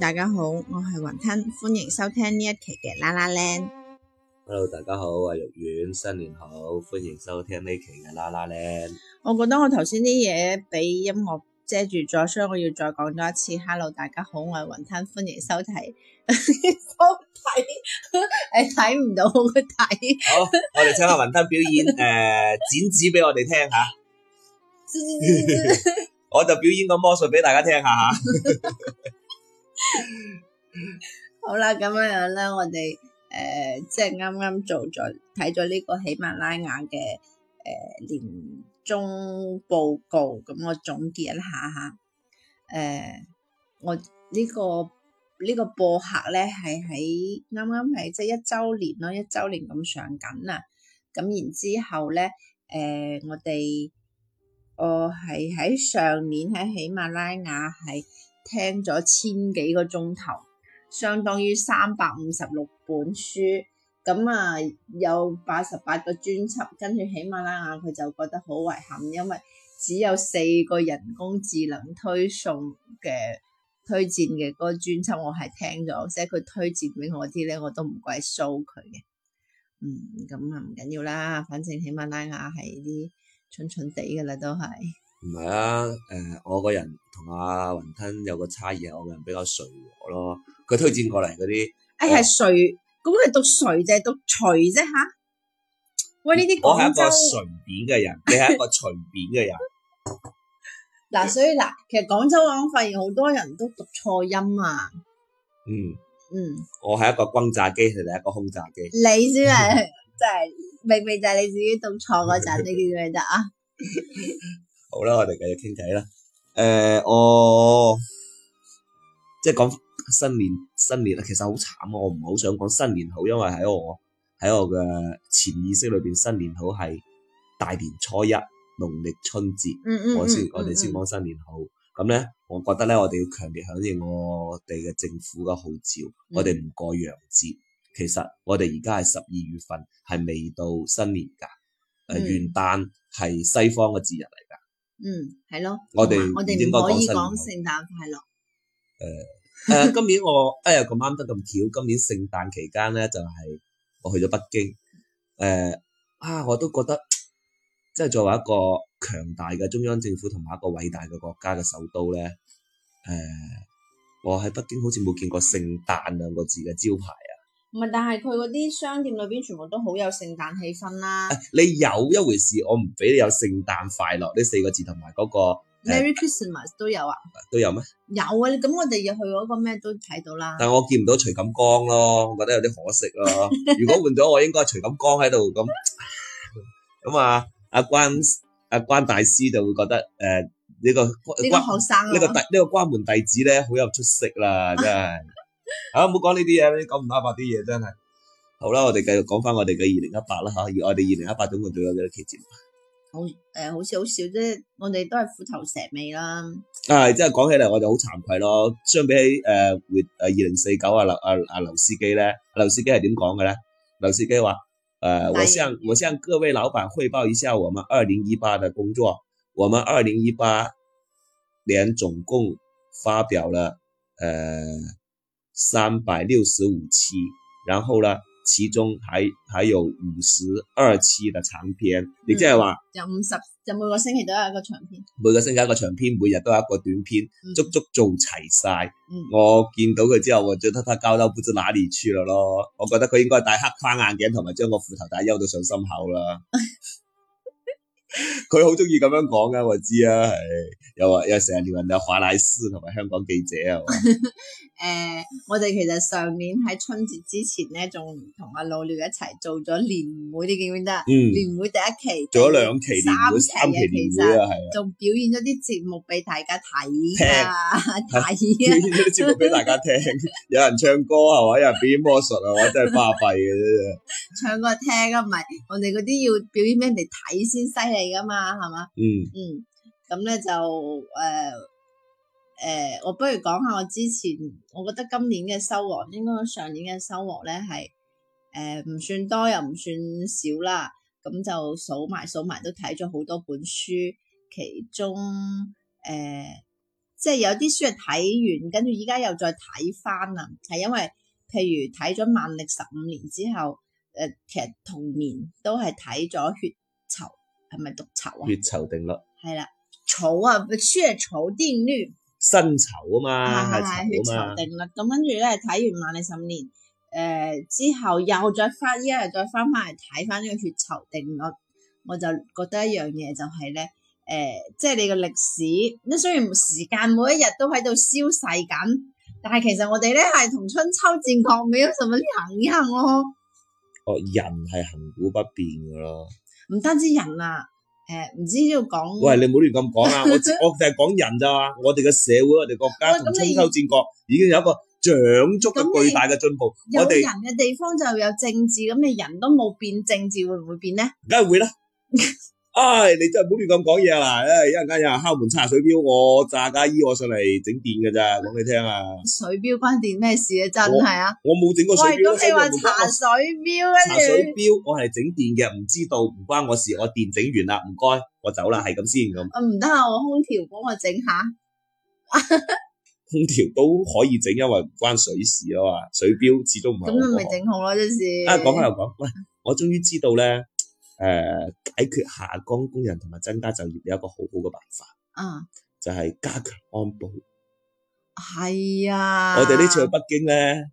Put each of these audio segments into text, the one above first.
大家好，我係雲吞，歡迎收聽呢一期嘅 La La Land。Hello，大家好，我係玉婉，新年好，歡迎收聽呢期嘅 La La Land。我覺得我頭先啲嘢俾音樂遮住咗，所以我要再講多一次。Hello，大家好，我係雲吞，歡迎收睇。睇， 誒，睇唔到好睇。好，我哋請下雲吞表演誒、 呃、剪紙俾我哋聽下。 我就表演個魔術俾大家聽下。 好啦，咁樣樣咧，我哋誒、呃，即係啱啱做咗睇咗呢個喜馬拉雅嘅誒、呃、年終報告，咁、嗯、我總結一下吓，誒、呃，我呢、呢個呢、呢個播客咧係喺啱啱係即係一周年咯，一周年咁上緊啦，咁、嗯、然之後咧，誒、呃，我哋我係喺上年喺喜馬拉雅係。聽咗千幾個鐘頭，相當於三百五十六本書，咁啊有八十八個專輯，跟住喜馬拉雅佢就覺得好遺憾，因為只有四個人工智能推送嘅推薦嘅嗰個專輯，我係聽咗，即係佢推薦俾我啲咧，我都唔鬼騷佢嘅。嗯，咁啊唔緊要啦，反正喜馬拉雅係啲蠢蠢地嘅啦，都係。唔係啊，誒，我個人同阿雲吞有個差異係，我個人比較隨和咯。佢推薦過嚟嗰啲，誒、呃、係、哎、隨，咁佢讀隨就係讀隨啫吓、啊。喂，呢啲我係一個隨便嘅人，你係一個隨便嘅人。嗱、 啊，所以嗱，其實廣州話我發現好多人都讀錯音啊。嗯。嗯。我係一個轟炸機，你係一個轟炸機。你先係，即係，明明就係你自己讀錯嗰陣，你記唔記得啊？ 好啦，我哋繼續傾偈啦。誒、呃，我即係講新年，新年其實好慘啊。我唔好想講新年好，因為喺我喺我嘅潛意識裏邊，新年好係大年初一，農曆春節。嗯嗯嗯、我先，我哋先講新年好。咁咧、嗯嗯嗯，我覺得咧，我哋要強烈響應我哋嘅政府嘅號召，嗯、我哋唔過洋節。其實我哋而家係十二月份，係未到新年噶。誒、呃，元旦係西方嘅節日嚟噶。嗯，係咯，我哋我哋唔可以講聖誕快樂。誒誒喏、呃呃，今年我哎呀咁啱得咁巧，今年聖誕期間咧就係、是、我去咗北京。誒、呃、啊，我都覺得即係作為一個強大嘅中央政府同埋一個偉大嘅國家嘅首都咧。誒、呃，我喺北京好似冇見過聖誕兩個字嘅招牌。唔係，但係佢嗰啲商店裏邊全部都好有聖誕氣氛啦。你有一回事，我唔俾你有聖誕快樂呢四個字同埋嗰個 Merry Christmas 都有啊？都有咩？有啊，咁我哋要去嗰個咩都睇到啦。但係我見唔到徐錦光咯， 我覺得有啲可惜咯、啊。如果換咗我，應該徐錦光喺度咁咁啊，阿關阿，啊關，啊、關大師就會覺得誒呢、啊這個，個學生、啊、關呢、這個弟呢、這個關門弟子咧好有出息啦，真係。 啊，唔好講呢啲嘢，你講唔合白啲嘢真係、呃。好啦，我哋繼續講翻我哋嘅二零一八啦吓，而我哋二零一八總共仲有幾多期節目？好，誒，好似好少啫，我哋都係虎頭蛇尾啦。啊，即係講起嚟，我就好慚愧咯。相比起誒 with 誒二零四九啊劉啊啊劉司機咧，劉司機係點講嘅咧？劉司機話：誒，呃、的我向我向各位老闆匯報一下我們二零一八嘅工作。我們二零一八年總共發表了誒。呃三百六十五期，然後呢，其中還還有五十二期嘅長篇，亦即係話，有五十，就, 50, 就每個星期都有一個長篇，每個星期一個長篇，每日都有一個短篇，嗯、足足做齊晒。嗯、我見到佢之後，我覺得他交到不知哪裏去咯。我覺得佢應該戴黑框眼鏡，同埋將個褲頭帶喐到上心口啦。佢好中意咁樣講噶，我知啊，係又話又成日撩人，有華萊士同埋香港記者啊。 誒、呃，我哋其實上年喺春節之前咧，仲同阿老廖一,一齊做咗年會，你記唔記得？嗯、年會第一期，做咗，啊啊、兩期年會，三期，啊、其實係仲表演咗啲節目俾大家睇啊，睇啊，表演咗啲節目俾大家聽， 有人唱歌係嘛，有人表演魔術係嘛，真係花費嘅啫。唱歌聽啊，唔係我哋嗰啲要表演咩嚟睇先犀利噶嘛，係嘛？ 嗯嗯，咁咧就誒。誒、呃，我不如講下我之前，我覺得今年嘅收穫，應該上年嘅收穫咧係誒唔算多又唔算少啦。咁就數埋數埋都睇咗好多本書，其中誒即係有啲書係睇完，跟住而家又再睇返啦。係因為譬如睇咗《萬歷十五年》之後，誒、呃、其實同年都係睇咗《血酬》，係咪讀酬啊？血酬定律係啦，酬啊，血酬定律。薪酬啊嘛，啊嘛，血酬定律。咁跟住咧睇完《萬歷十年》誒、呃、之後，又再翻，而家又再翻翻嚟睇翻呢個血酬定律，我，我就覺得一樣嘢就係咧誒，即係你嘅歷史，你雖然時間每一日都喺度消逝緊，但係其實我哋咧係同春秋戰國冇乜啲唔一樣咯。哦，人係恒古不變噶咯，唔單止人啊。誒，唔知要講，喂，你唔好亂咁講啊！我 我淨係講人咋嘛，我哋嘅社會，我哋國家同春喂秋戰國已經有一個長足嘅巨大嘅進步。你我們有人嘅地方就有政治，咁你人都冇變，政治會唔會變咧？梗係會啦。 唉、哎，你真係唔好亂咁講嘢啦！哎，一陣間又敲門查水表，我詐假意我上嚟整電嘅咋，講你聽啊！水表關電咩事啊？真係啊！我冇整過水表，啊你，我係都係話查水表，查水表，我係整電嘅，唔知道唔關我事，我電整完啦，唔該，我走啦，係咁先咁。唔得啊，我空調幫我整下。 空調都可以整，因為唔關水事啊嘛，水表始終唔係。咁咪咪整好咯，真係。啊，講開又講，說說喂，我終於知道咧。 誒，解決下崗工人同埋增加就業有一個好好嘅辦法，啊，就係加強安保。係啊，我哋呢次去北京咧，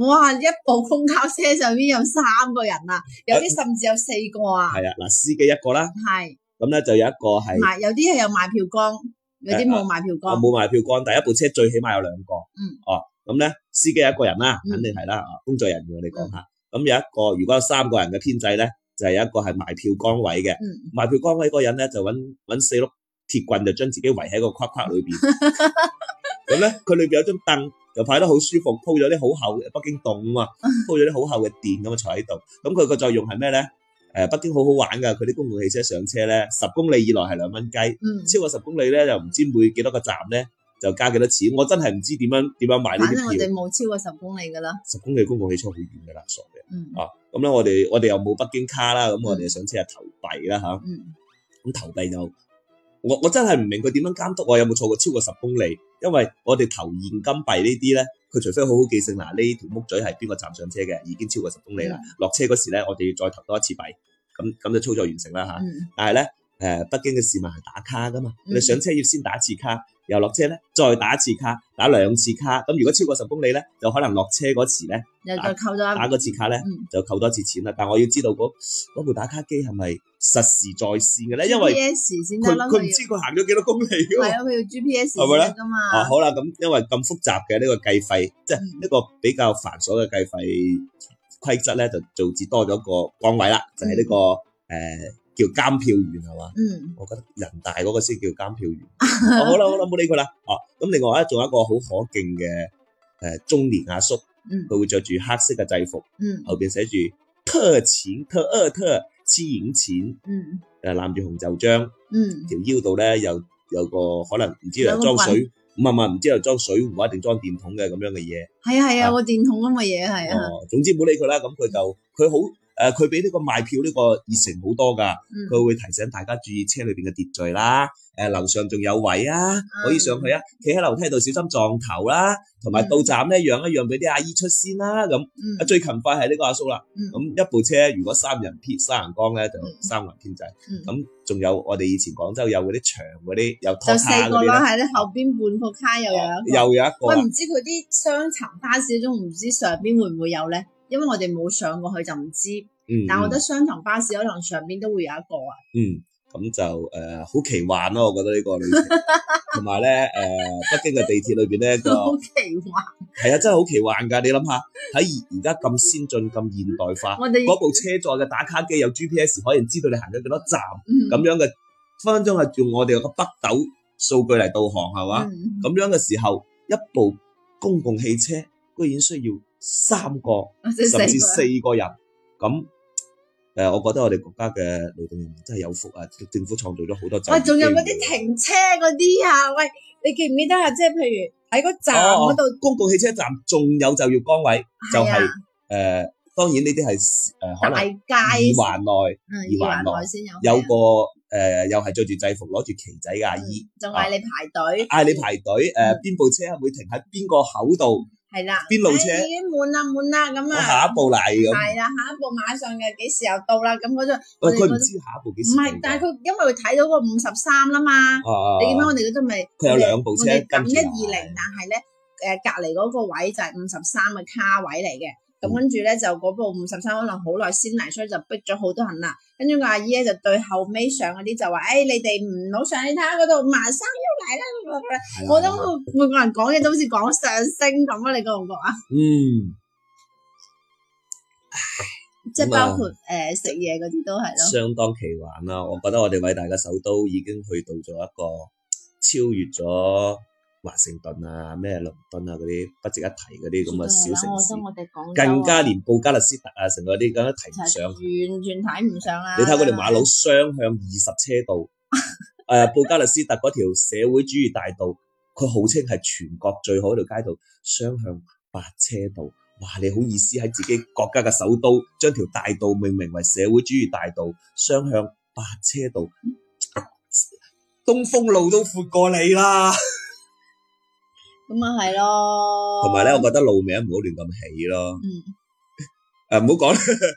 哇，一部公交車上邊有三個人啊，有啲甚至有四個啊。係啊，嗱，司機一個啦，係，咁咧就有一個喺，係，有啲係有賣票工，有啲冇賣票工，冇賣票工。第一部車最起碼有兩個，嗯，哦，咁咧司機一個人啦，肯定係啦，工作人員我哋講下，咁有一個如果有三個人嘅編制咧。就係有一個係賣票崗位嘅，嗯、賣票崗位嗰人咧就揾四碌鐵棍，就將自己圍喺個框框裏邊。咁咧佢裏邊有張凳，就擺得好舒服，鋪咗啲好厚嘅北京凍嘛，鋪咗啲好厚嘅墊咁啊，坐喺度。咁佢個作用係咩咧？誒，北京好、呃、好玩㗎，佢啲公共汽車上車咧，十公里以內係兩蚊雞，嗯、超過十公里咧就唔知每幾多個站咧就加幾多錢。我真係唔知點樣點樣買呢啲票。反正我哋冇超過十公里㗎啦，十公里公共汽車好遠㗎啦，傻嘅、嗯。啊。咁咧，我哋我哋又冇北京卡啦，咁我哋上車啊投幣啦嚇，咁投幣就我我真係唔明佢點樣監督我有冇錯過超過十公里，因為我哋投現金幣呢啲咧，佢除非好好記性嗱，呢條屋仔係邊個站上車嘅，已經超過十公里啦，落車嗰時咧我哋要再投多一次幣，咁咁就操作完成啦嚇，但係咧。誒，北京嘅市民係打卡㗎嘛？你上車要先打次卡，又落車咧再打次卡，打兩次卡。咁如果超過十公里咧，就可能落車嗰時咧又再扣多咗打個次卡咧、嗯、就扣多次錢啦。但係我要知道嗰部打卡機係咪實時在線嘅咧？因為佢唔知佢行咗幾多公里㗎？係啊，佢、啊、要 GPS 係咪咧？是是啊，好啦、啊，咁因為咁複雜嘅呢、這個計費，即係、嗯、一個比較繁瑣嘅計費規則咧，就造致多咗一個崗位啦，就係、是、呢、這個誒。呃叫監票員係嘛？嗯，我覺得人大嗰個先叫監票員。好啦好啦，冇理佢啦。哦，咁另外咧，仲有一個好可敬嘅，誒，中年阿叔，嗯，佢會着住黑色嘅制服，嗯，後邊寫住特錢特二特黐影錢，嗯，誒，攬住紅袖章，嗯，條腰度咧又有個可能唔知係裝水，咁啊嘛唔知係裝水壺一定裝電筒嘅咁樣嘅嘢。係啊係啊，個電筒咁嘅嘢係啊。哦，總之冇理佢啦，咁佢就佢好。誒佢俾呢個賣票呢個熱誠好多噶，佢會提醒大家注意車裏邊嘅秩序啦。誒、呃、樓上仲有位啊，可以上去啊。企喺樓梯度小心撞頭啦。同埋到站咧，讓一樣一樣俾啲阿姨出先啦、啊。咁、嗯、啊、嗯嗯、最勤快係呢個阿叔啦。咁、嗯、一部車如果三人編三人光咧就三人編制。咁仲、嗯嗯、有我哋以前廣州有嗰啲長嗰啲有拖卡嗰啲咧。就四個啦，係咧後邊半個卡又有。又有一個。我唔知佢啲雙層巴士仲，唔知上邊會唔會有咧？因為我哋冇上過去就唔知，但係我覺得雙層巴士可能上邊都會有一個啊。嗯，咁就誒好奇幻咯，我覺得呢個旅程，同埋咧誒北京嘅地鐵裏邊咧個好奇幻，係啊，真係好奇幻㗎！你諗下，喺而家咁先進、咁現代化嗰部車載嘅打卡機有 GPS，可以知道你行咗幾多站，咁樣嘅分分鐘係用我哋個北斗數據嚟導航係嘛？咁樣嘅時候，一部公共汽車居然需要。三個甚至四個人咁誒，我覺得我哋國家嘅勞動人員真係有福啊！政府創造咗好多就業機遇，喂，仲有嗰啲停車嗰啲啊，喂，你記唔記得啊？即係譬如喺個站嗰度，公共汽車站仲有就業崗位，就係誒，當然呢啲係誒可能二環內，二環內先有有個誒，又係着住制服攞住旗仔嘅阿姨，就嗌你排隊，嗌你排隊，誒，邊部車會停喺邊個口度？係啦，邊路車、哎、已經滿啦，滿啦咁啊！樣我下一步啦，係咁。係啦，下一步馬上嘅，幾時又到啦？咁嗰度，喂、啊，佢唔知下一步幾時？唔係，但係佢因為佢睇到個五十三啦嘛，啊、你見到我哋嗰度咪？佢有兩部車，我一二零，但係咧，誒隔籬嗰個位就係五十三嘅卡位嚟嘅。咁、嗯、跟住咧就嗰部五十三可能好耐先嚟，所以就逼咗好多人啦。跟住個阿姨咧就對後尾上嗰啲就話，誒、嗯哎，你哋唔好上，去睇下嗰度馬上又嚟啦！嗯、我都每個人講嘢都好似講上升咁啊，你覺唔覺啊？嗯，即係 包括誒食嘢嗰啲都係咯。相當奇幻啦！我覺得我哋偉大嘅首都已經去到咗一個超越咗。華盛頓啊，咩倫敦啊，嗰啲不值一提嗰啲咁嘅小城市，更加連布加勒斯特啊，成個啲咁樣提唔上，完全睇唔上啦。你睇嗰條馬路雙向二十車道，誒、 啊，布加勒斯特嗰條社會主義大道，佢號稱係全國最好一條街道，雙向八車道。哇，你好意思喺自己國家嘅首都，將條大道命名為社會主義大道，雙向八車道，東風路都闊過你啦！咁啊，係咯，同埋咧， 嗯、我覺得路名唔好亂咁起咯。嗯、 呃，誒，唔好講。誒、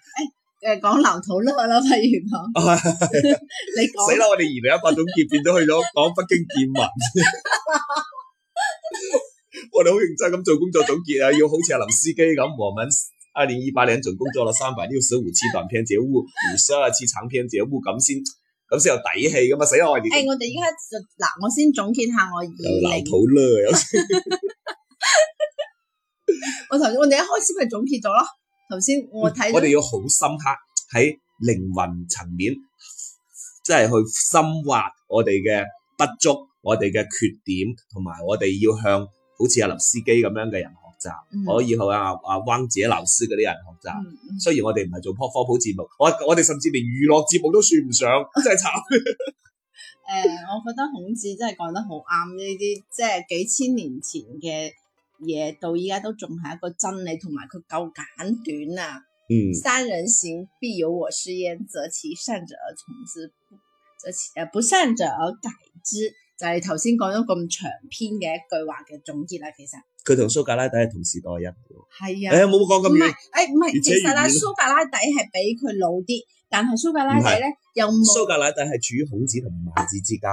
呃，誒，講老土咯，譬如講。哎、 你講說。死啦！我哋二零一八總結變咗去咗講北京見聞。 我哋好認真咁做工作總結啊，要好似阿林司機咁，我敏，二零一八年總工作了三百六十五期短片節目，五十二期長片節目，咁先。咁先有底氣噶嘛，死外！誒、哎，種我哋依家嗱，我先總結下我二。老土咯，有。我頭我哋一開始咪總結咗咯，頭先我睇、嗯。我哋要好深刻喺靈魂層面，即係去深挖我哋嘅不足、我哋嘅缺點，同埋我哋要向好似阿林斯基咁樣嘅人。可、嗯、以後啊啊，溫自己老師嗰啲人學習。嗯、雖然我哋唔係做科普節目，我我哋甚至連娛樂節目都算唔上，真係慘。誒，我覺得孔子真係講得好啱呢啲，即係幾千年前嘅嘢，到依家都仲係一個真理，同埋佢夠簡短啊。嗯，三人行，必有我師焉，擇其善者而從之，擇其誒不善者而改之，就係頭先講咗咁長篇嘅一句話嘅總結啦。其實。佢同蘇格拉底係同時代人。係啊，哎呀，冇講咁遠，唔係，哎，唔係，其實啦，蘇格拉底係比佢老啲，但係蘇格拉底咧又蘇格拉底係處於孔子同埋孟子之間，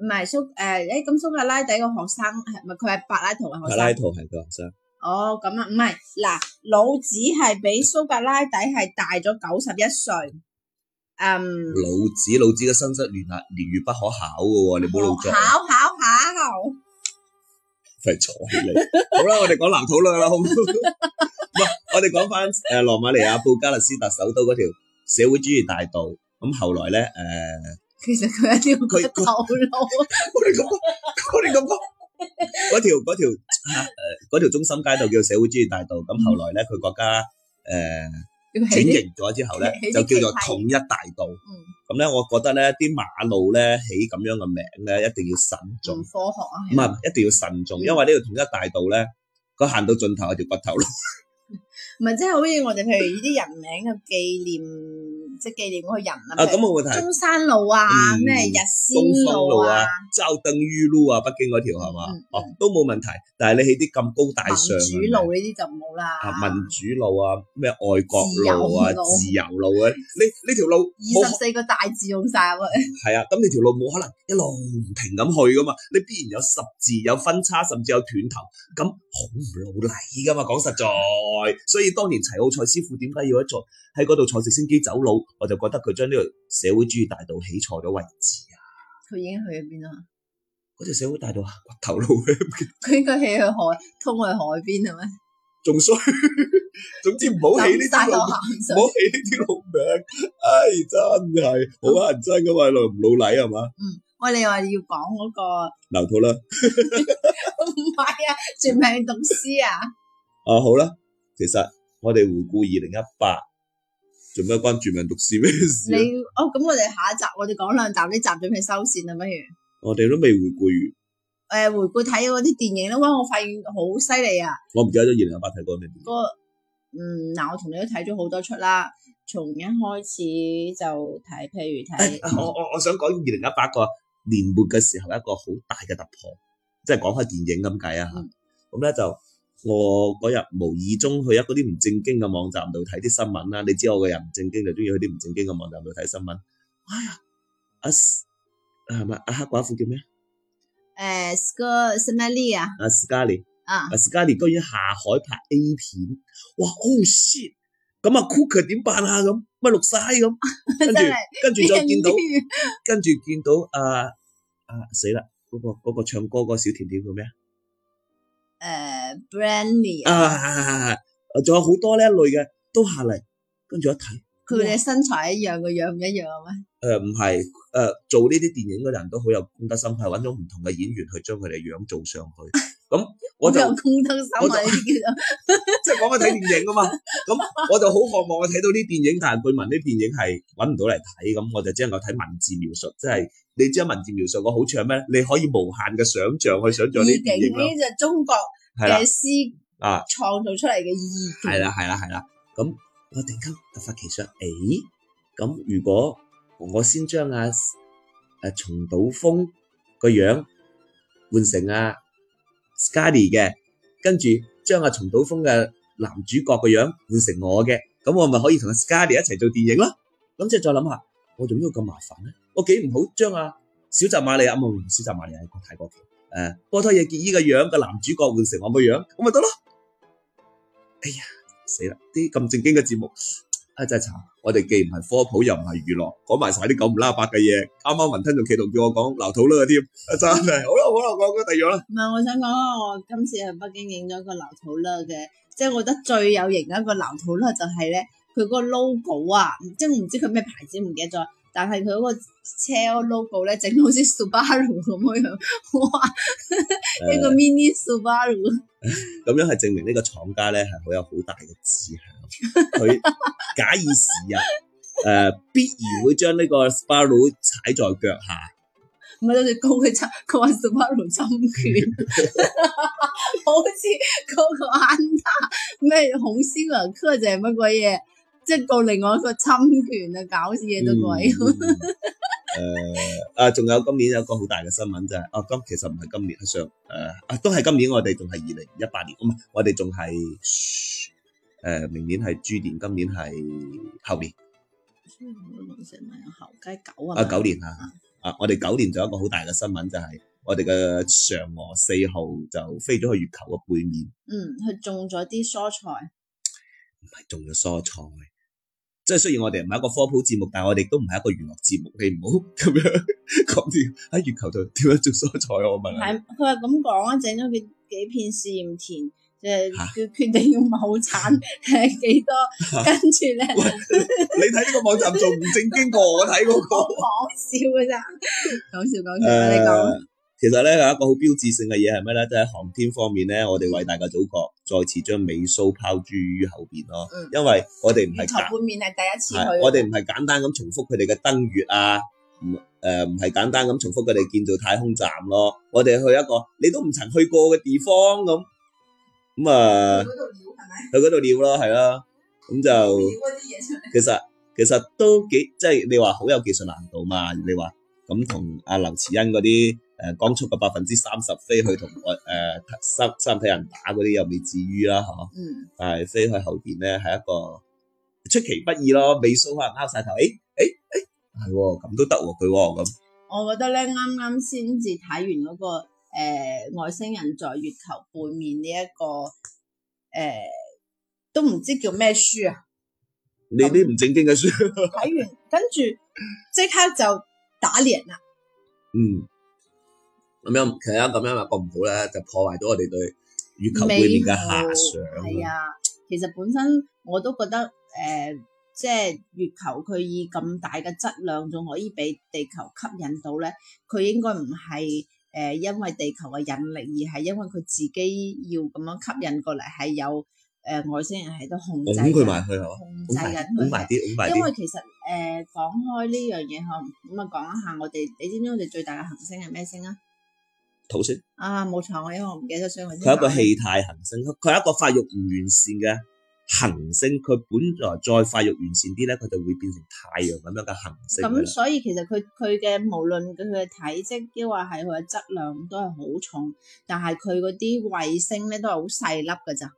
唔係蘇，誒，哎，咁蘇格拉底個學生係咪佢係柏拉圖嘅學生？柏拉圖係佢學生。哦，咁啊，唔係，嗱，老子係比蘇格拉底係大咗九十一歲，嗯。老子，老子嘅生卒年啊，年月不可考嘅喎，你冇老作啊。考考考。係坐起好啦，我哋講南討論啦，好唔好？唔 係，我哋講翻誒，羅馬尼亞布加勒斯特首都嗰條社會主義大道，咁、嗯、後來咧誒，呃、其實佢一佢頭腦，我哋咁講，我哋講，嗰條嗰條嗰條中心街道叫社會主義大道，咁、嗯、 後來咧佢國家誒。呃轉型咗之後咧，些就叫做統一大道。咁咧、嗯，我覺得咧，啲馬路咧起咁樣嘅名咧，一定要慎重。唔科學、啊。唔係，一定要慎重，因為呢個統一大道咧，佢行到盡頭有條骨頭路。唔係， 即係好似我哋譬如呢啲人名嘅紀念。 即係紀念嗰個人啊！中山路啊，咩日鮮路啊，周敦儒路啊，北京嗰條係嘛？哦，都冇問題。但係你起啲咁高大上，民主路呢啲就冇啦。民主路啊，咩愛國路啊，自由路啊，你呢條路二十四個大字用曬喎。係啊，咁你條路冇可能一路唔停咁去噶嘛？你必然有十字，有分叉，甚至有斷頭。咁好唔老禮噶嘛？講實在，所以當年齊奧塞師傅點解要一座喺嗰度坐直升機走路？我就覺得佢將呢個社會主義大道起錯咗位置啊！佢已經去咗邊啦？嗰條社會大道啊，骨頭路名 壞，佢應該起去海，通去海邊係咪？仲衰，總之唔好起呢啲路，路是是，唔好起呢啲路名，唉，真係好乞人憎噶嘛，老唔老禮係嘛？嗯，我哋話要講嗰個，嗱，好啦，唔係啊，絕命毒師啊！啊，好啦，其實我哋回顧二零一八。做咩關注唔係讀書咩事，啊？你哦，咁我哋下一集我哋講兩集呢集準備收線啦，不如？我哋都未回顧完。誒、呃，回顧睇嗰啲電影咧，哇！我發現好犀利啊！我唔記得咗二零一八睇過咩電影。嗰，那個嗯，嗱，我同你都睇咗好多出啦，從一開始就睇，譬如睇唉。我我我想講二零一八個年末嘅時候一個好大嘅突破，即係講開電影咁計啊吓，咁嚟、嗯、就。我嗰日無意中去一嗰啲唔正經嘅網站度睇啲新聞啦，你知我個人唔正經就中意去啲唔正經嘅網站度睇新聞。哎呀，阿阿乜阿黑寡婦叫咩啊？誒斯哥斯曼利啊，阿斯嘉利，阿斯嘉利居然下海拍 A 片，哇！好 shit，咁啊 Cooker 點辦啊？咁咪錄晒！咁，跟住跟住再見到，跟住見到阿阿死啦，嗰個唱歌嗰個小甜甜叫咩啊？誒、uh,，Brandy 啊，係係係，仲有好多呢一類嘅都下嚟，跟住一睇，佢哋身材一樣，個樣唔一樣咩？誒、呃，唔係，誒、呃，做呢啲電影嘅人都好有公德心，係揾咗唔同嘅演員去將佢哋樣做上去。咁， 有我有公德心啊，呢即係講緊睇電影啊嘛。咁， 我就好渴望我睇到啲電影，但係據聞啲電影係揾唔到嚟睇，咁我就只能夠睇文字描述，即、就、係、是。你知啊，文字描述個好處係咩咧？你可以無限嘅想象去想象啲嘢意境，呢就中國嘅詩啊創造出嚟嘅意境係啦係啦係啦。咁、嗯、我突然間突發奇想，誒、欸、咁、嗯、如果我先將阿誒松島楓個樣換成阿 Scarlet 嘅，跟住將阿松島楓嘅男主角個樣換成我嘅，咁、嗯、我咪可以同阿 Scarlet 一齊做電影咯？咁、嗯、即係再諗下，我做咩要咁麻煩咧？我幾唔好將阿小澤瑪利亞夢、啊嗯、小澤瑪利亞嘅泰國劇，誒、啊，波多野結衣嘅樣個男主角換成我嘅樣，咁咪得咯。哎呀，死啦！啲咁正經嘅節目，啊真係慘。我哋既唔係科普又唔係娛樂，講埋晒啲九唔啦八嘅嘢。啱啱雲吞仲企圖叫我講流土啦添，真、啊、係、啊。好啦、啊、好啦、啊，講緊、啊、第二樣啦。唔係，我想講我今次去北京影咗個流土啦嘅，即係我覺得最有型嘅一個流土啦、就係，就係咧，佢嗰個 logo 啊，即係唔知佢咩牌子，唔記得咗。但係佢嗰個車 logo 咧整好似 Subaru 咁樣，哇！一個 mini Subaru，咁、呃、樣係證明呢個廠家咧係好有好大嘅志向。佢 假以時日，誒、呃、必然會將呢個 Subaru 踩在腳下。唔係、呃，你高佢七，佢話 Subaru 侵權，針 好似嗰個安踏咩紅星文客啫，乜鬼嘢？即係個另外一個侵權啊，搞事嘢都鬼。誒，啊，仲有今年有一個好大嘅新聞就係，啊，今其實唔係今年，係上，誒，啊，都係今年，我哋仲係二零一八年，唔係，我哋仲係，誒，明年係豬年，今年係後年。我諗成萬后街九啊。啊，九年啊，啊，我哋九年仲有一個好大嘅新聞就係，我哋嘅嫦娥四號就飛咗去月球嘅背面。嗯，去種咗啲蔬菜。唔係種咗蔬菜。即係雖然我哋唔係一個科普節目，但係我哋都唔係一個娛樂節目，你唔好咁樣講啲喺月球度點樣種蔬菜，我問你。係，佢話咁講啊，整咗幾幾片試驗田，佢、即係、決定要畝產係幾多，跟住咧。你睇呢個網站做唔正經過我睇嗰、嗰個。講笑㗎咋，講笑講笑，你講。其實咧有一個好標誌性嘅嘢係咩咧？即係喺航天方面咧，我哋偉大嘅祖國再次將美蘇拋諸於後邊咯。因為我哋唔係，半面係第一次去，我哋唔係簡單咁重複佢哋嘅登月啊，唔誒唔係簡單咁重複佢哋建造太空站咯。我哋去一個你都唔曾去過嘅地方咁，咁啊去嗰度尿係咪？去嗰度尿咯，係咯，咁就其實其實都幾即係你話好有技術難度嘛？你話咁同阿劉慈欣嗰啲。誒光速嘅百分之三十飛去同外誒三三體人打嗰啲又未至於啦嚇，嗯、但係飛去後邊咧係一個出其不意咯，尾數、欸欸欸、可能拗曬頭，誒誒誒係喎，咁都得喎佢喎咁。我覺得咧啱啱先至睇完嗰、嗰個、呃、外星人在月球背面呢一個誒、呃、都唔知叫咩書啊，你啲唔正經嘅書睇完，跟住即刻就打臉啦、啊。嗯。咁樣其實啊，咁樣咪覺唔好咧，就破壞咗我哋對月球裏面嘅遐想。係啊，其實本身我都覺得誒，即係月球佢以咁大嘅質量，仲可以俾地球吸引到咧，佢應該唔係誒，因為地球嘅引力而係因為佢自己要咁樣吸引過嚟，係有誒外星人喺度控制。擁佢埋去係嘛，控制佢，擁埋啲，擁埋啲。因為其實誒講開呢樣嘢呵，咁啊講一下我哋，你知唔知我哋最大嘅行星係咩星啊？土星啊，冇錯，我因為我唔記得咗，佢係一個氣態行星，佢係一個發育唔完善嘅行星，佢本來再發育完善啲咧，佢就會變成太陽咁樣嘅行星。咁、嗯嗯、所以其實佢佢嘅無論佢嘅體積抑或係佢嘅質量都係好重，但係佢嗰啲衛星咧都係好細粒噶咋，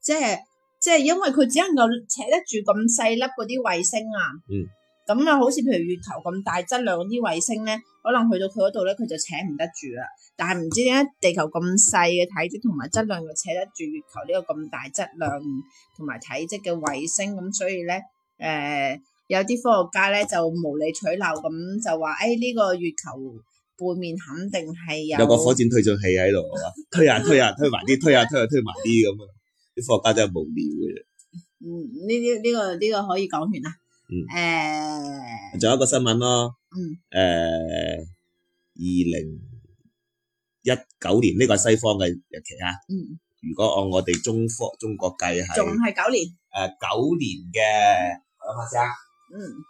即係即係因為佢只能夠扯得住咁細粒嗰啲衛星啊。嗯咁啊，好似譬如月球咁大質量啲衛星咧，可能去到佢嗰度咧，佢就扯唔得住啦。但係唔知點解地球咁細嘅體積同埋質量，佢扯得住月球呢個咁大質量同埋體積嘅衛星。咁所以咧，誒有啲科學家咧就無理取鬧咁就話，誒呢個月球背面肯定係有個火箭推進器喺度，係嘛？推呀推呀推埋啲，推呀推呀推埋啲咁啊！啲科學家真係無聊嘅。嗯，呢啲呢個呢個可以講完啦。誒，仲有一個新聞咯。嗯。誒，二零一九年呢個係西方嘅日期啊。嗯。如果按我哋中方中國計係，仲係九年。誒，九年嘅。阿法師。嗯。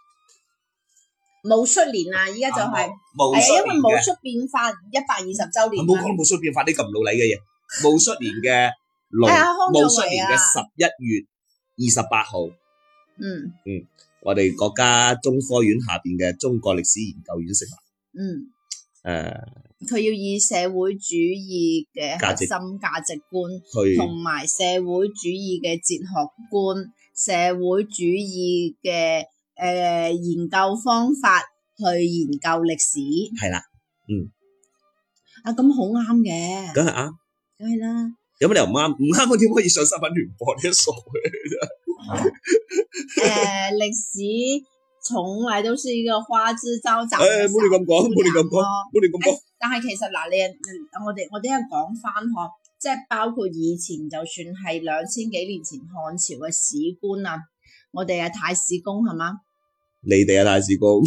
戊戌年啊！依家就係係啊，因為戊戌變法一百二十周年啦。冇講戊戌變法啲咁老禮嘅嘢，戊戌年嘅六，戊戌年嘅十一月二十八號。嗯。嗯。我哋國家中科院下邊嘅中國歷史研究院成立。嗯，誒、呃，佢要以社會主義嘅核心價值觀，同埋是社會主義嘅哲學觀、社會主義嘅誒、呃、研究方法去研究歷史。係啦，嗯，啊咁好啱嘅。梗係啱，梗係啦。有乜理由唔啱？唔啱我點可以上新聞聯播呢？啲傻嘅真。誒，歷、 呃、史從來都是一個花枝招展。誒、哎，唔好咁講，唔好咁講，唔好咁講。但係其實嗱，你、呃、我哋我哋一講翻嗬，即係包括以前就算係兩千幾年前漢朝嘅史官啊，我哋嘅太史公係嘛？你哋嘅太史公，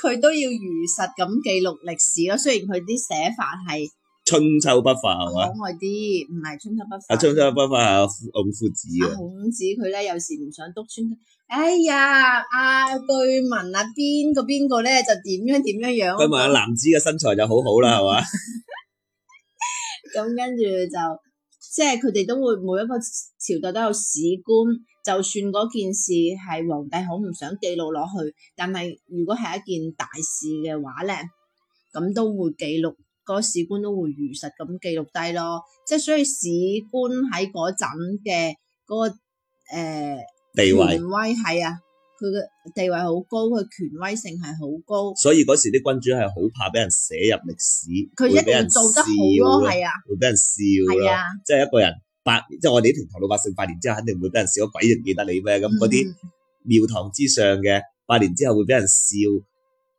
佢 都要如實咁記錄歷史咯。雖然佢啲寫法係。春秋筆法係嘛？可愛啲，唔係春秋筆法。啊，春秋筆法啊，孔夫子啊。孔子佢咧有時唔想篤穿，哎呀，啊據聞啊邊個邊個咧就點樣點樣樣。據聞啊，男子嘅身材就好好啦，係嘛？咁跟住就，即係佢哋都會每一個朝代都有史官，就算嗰件事係皇帝好唔想記錄落去，但係如果係一件大事嘅話咧，咁都會記錄。個史官都會如實咁記錄低咯，即係所以史官喺嗰陣嘅嗰地位，權威係啊，佢嘅地位好高，佢權威性係好高。所以嗰時啲君主係好怕俾人寫入歷史，佢一定做得好咯，係啊，會俾人笑啊，即係一個人百即係我哋呢啲平頭老百姓百年之後肯定會俾人笑，鬼仲記得你咩？咁嗰啲廟堂之上嘅百年之後會俾人笑，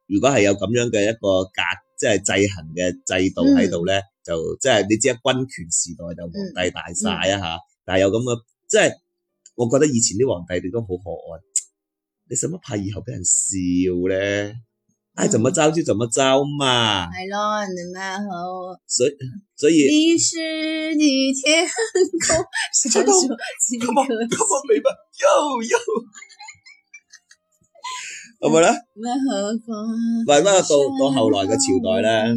如果係有咁樣嘅一個格。即係制衡嘅制度喺度咧，嗯、就即係你知啊，軍權時代就皇帝大晒啊嚇，嗯嗯、但係有咁嘅，即係我覺得以前啲皇帝你都好可愛，你使乜怕以後俾人笑咧？哎，怎麼招就怎麼招嘛。係咯、嗯，你咪好。所以，所以。你是的天空，伸 手即可白。又又種。係咪咧？咩可講？唔係、啊，不過到到後來嘅朝代咧，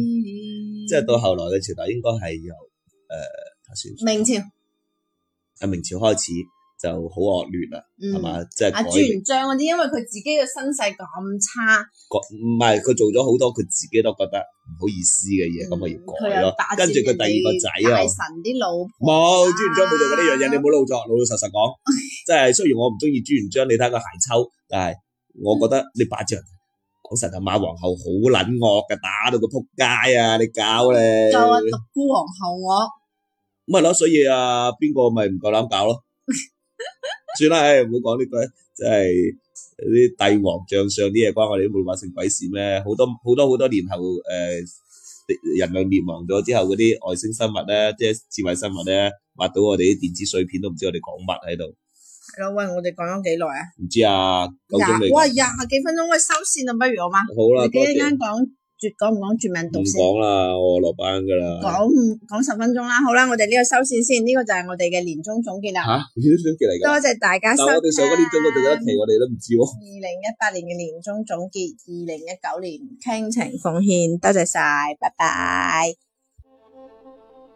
即係到後來嘅朝代應該係由誒，算明朝啊，明朝開始就好惡劣啦，係嘛、嗯？即係朱元璋嗰啲，因為佢自己嘅身世咁差，唔係佢做咗好多佢自己都覺得唔好意思嘅嘢，咁佢、嗯、要改咯。啊、跟住佢第二個仔啊，神啲老婆，冇朱元璋冇做過呢樣嘢，你唔好老作，老老實實講，即係 ahor ita 雖然我唔中意朱元璋，你睇個鞋抽，但係。我覺得你把仗講實啊，馬皇后好撚惡嘅，打到佢扑街啊！你搞咧就話獨孤皇后惡咁係咯，所以啊，邊個咪唔夠膽搞咯？ 算啦，唉、哎，唔好講呢句，真係啲帝王將相啲嘢，關我哋都冇發生鬼事咩？好多好多好多年後，誒、呃，人類滅亡咗之後，嗰啲外星生物咧，即係智慧生物咧，挖到我哋啲電子碎片，都唔知我哋講乜喺度。喂，我哋講咗幾耐啊？唔知啊，九哇，廿幾分鐘，喂，收線啊，不如我好嗎？好啦，你啱啱講絕講唔講絕命毒師？唔講啦，我落班噶啦。講唔講十分鐘啦，好啦，我哋呢個收線先，呢、呢個就係我哋嘅年終總結啦。吓、啊，啊、年終總結嚟噶？多謝大家收聽。我哋上個年終都仲有一期，我哋都唔知喎。二零一八年嘅年終總結，二零一九年傾情奉獻，多謝晒，拜拜。